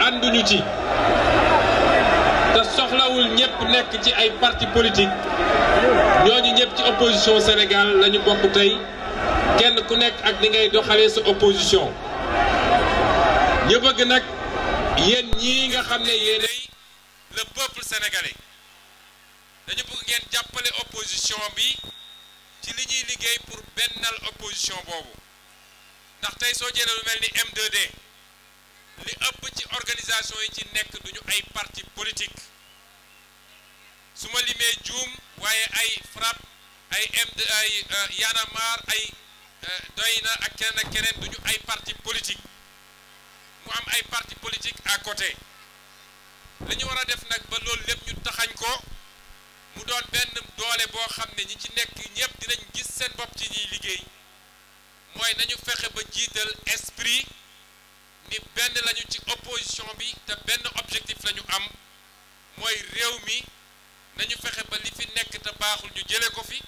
ànduñu ci te soxlawul ñëpp nekk ci ay parti politique ñooñu ñëpp ci opposition Sénégal lañu bokk tey kenn ku nekk ak ni ngay doxalee sa opposition ñu bëgg nag yéen ñi nga xam ne yéenay le peuple sénégalais dañu bëgg ngeen jàppale opposition bi ci li ñuy liggéey pour bennal opposition boobu ndax tey soo jëlee lu mel ni m organisation yi ci nekk ay parti politique su ma limee juum waaye ay FRAPP ay md ay euh, Y'en ay euh, doy na ak keneen ak keneen duñu ay parti politique mu am ay parti politique à côté li ñu war a def nag ba loolu lépp ñu taxañ ko mu doon benn doole boo xam ne ñi ci nekk ñëpp dinañ gis seen bopp ci ñuy liggéey mooy nañu fexe ba jiital esprit ni benn lañu ci opposition bi te benn objectif la am mooy réew mi nañu fexe ba li fi nekk te baaxul ñu jëlee ko fi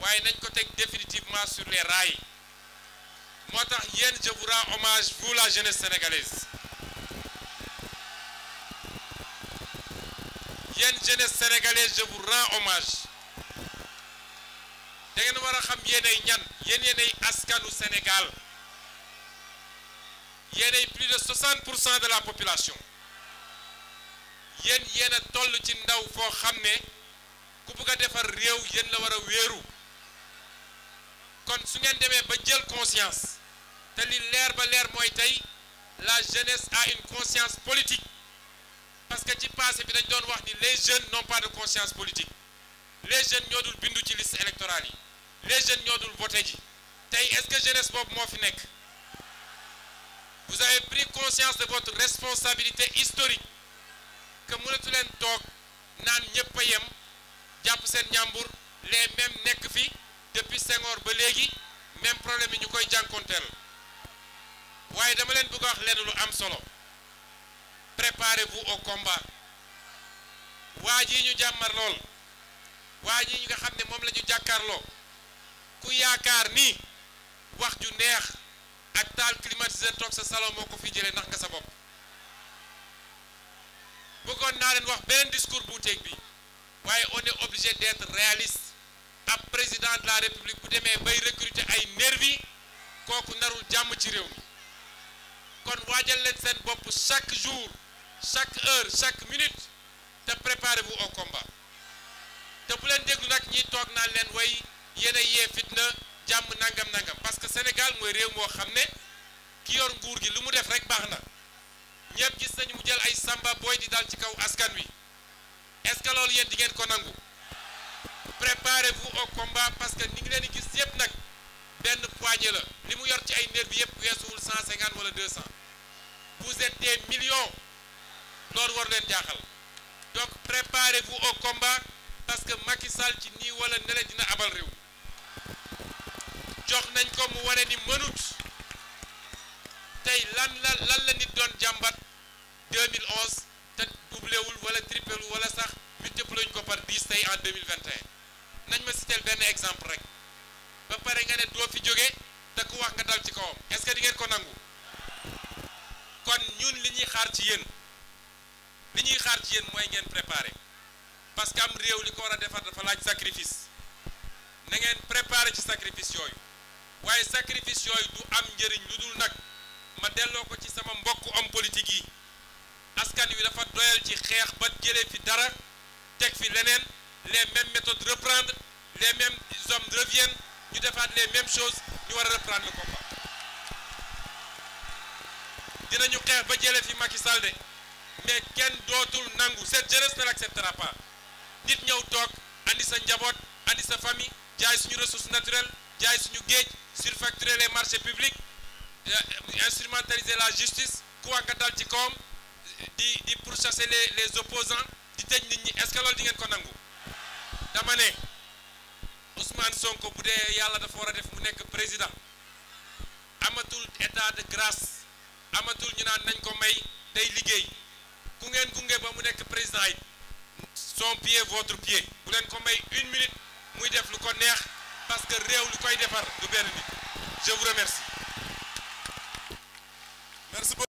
waaye nañ ko teg définitivement sur les rails moo tax yéen je vous rends hommage vous la jeunesse sénégalaise yéen jeunesse sénégalaise je vous rends war a xam yéenay ñan yéen yéenay askanu Sénégal yéenay plus de 60 pour de la population yéen yéen a toll ci ndaw foo xam ne ku bugg defar réew yéen la war a wéeru kon su ngeen demee ba jël conscience te li leer ba leer mooy tey la jeunesse a une conscience politique parce que ci passé bi dañ doon wax ni les jeune non pas de conscience politique le jeunes ñoo dul bindu ci liste électorale yi les jeunes ñoo dul voté ji tey est-ce que jeunesse boobu moo fi nekk vous avez pris conscience de votre responsabilité historique que mënatu leen toog naan ñëpp a yem jàpp seen ñàmbur les mêmes nekk fi depuis Senghor ba léegi même problème yi ñu koy jànkonteel waaye dama leen bëgg a wax leen lu am solo préparez-vous au combat waa ji ñu jàmmar lool waa ji ñu nga xam ne moom la ñu jàkkaarloo ku yaakaar ni wax ju neex. ak taal climatiseur toog sa salon moo ko fi jëlee ndax nga sa bopp bëggoon naa leen wax beneen discours bu bi waaye on est obligé d'être réaliste ab président de la république bu demee bay recruter ay nervi kooku narul jàmm ci réew mi kon waajal leen seen bopp chaque jour chaque heure chaque minute te préparez-vous au te bu leen déglu nag ñiy toog naa leen woy yéen a yee fitna jàmm nangam nangam parce que Sénégal mooy réew moo xam ne ki yor nguur gi lu mu def rek baax na ñëpp gis nañu mu jël ay samba booy di daal ci kaw askan wi est-ce que loolu yéen di ngeen ko nangu préparez-vous au combat parce que ni ngi leen di gis yëpp nag benn poignée la li mu yor ci ay nerf bi yëpp weesuwul 150 wala 200 vous êtes des millions loolu war leen jaaxal donc préparez-vous au combat parce que Macky Sall ci nii wala nele dina abal réew jox nañ ko mu waree ni mënut tey lan la lan la nit doon jàmbat 2011 te doublé wul wala triplé wul wala sax multiplié wuñ ko par 10 tey en 2021 nañ ma citeel benn exemple rek ba pare nga ne doo fi jóge te ku wax nga dal ci kawam est-ce que di ngeen ko nangu kon ñun li ñuy xaar ci yéen li ñuy xaar ci yéen mooy ngeen préparé parce que am réew li ko war a defar dafa laaj sacrifice na ngeen préparé ci sacrifice yooyu. waaye sacrifice yooyu du am njëriñ lu dul nag ma delloo ko ci sama mbokku homme politique yi askan wi dafa doyal ci xeex ba jëlee fi dara teg fi leneen les mêmes méthodes reprendre les mêmes hommes reviennent ñu defaat les mêmes choses ñu war a reprendre le combat dinañu xeex ba jëlee fi Macky Sall de mais kenn dootul nangu cette jeunesse ne l'acceptera pas nit ñëw toog andi sa njaboot andi sa famille jaay suñu ressource naturelle jaay suñu géej surfacturer les marchés publics euh, instrumentaliser la justice ku wàgga dal ci kawam di di pourchasser les les opposants di tëj nit ñi est-ce que loolu di ngeen ko nangu dama ne Ousmane Sonko bu dee yàlla dafa war a def mu nekk président amatul état de grâce amatul ñu naan nañ ko may day liggéey ku ngeen gunge ba mu nekk président yi son pied votre pied bu leen ko may une minute muy def lu ko neex parce que réew li koy defar du benn nit je vous remercie merci beaucoup